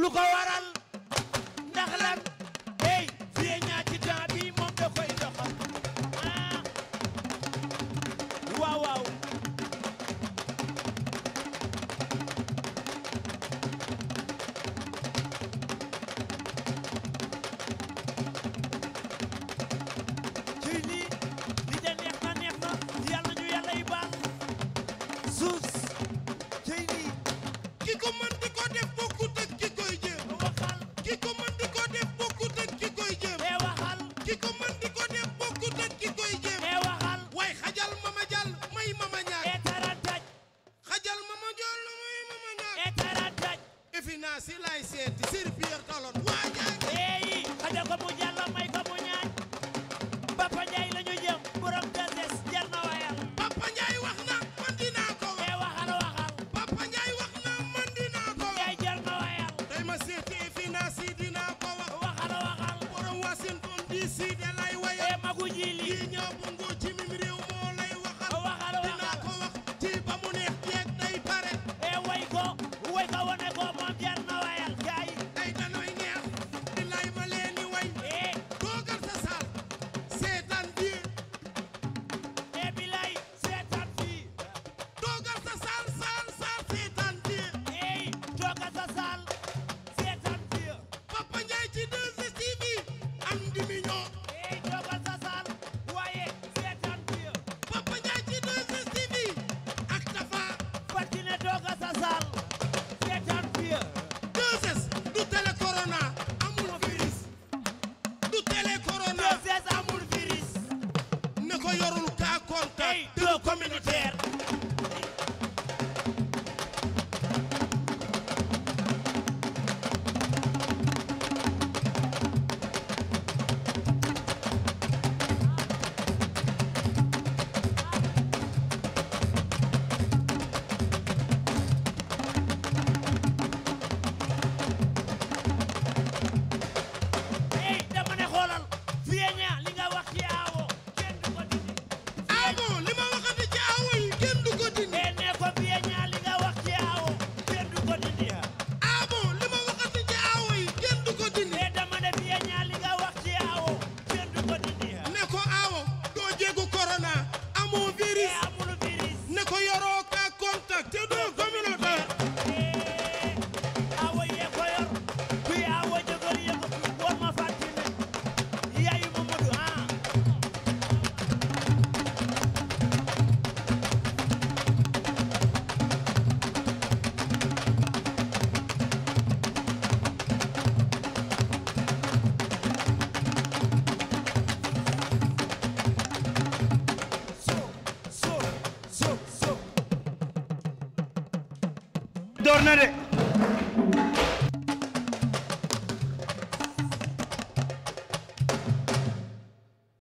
lu ko waral ndax lan hey fii ñaa ci temps bi moom da koy doxal ah waaw waaw ko man di ko def defi naa si lay seeti sir biir taloon waa jaa ko yorul kaa contact. deux communautaire door na de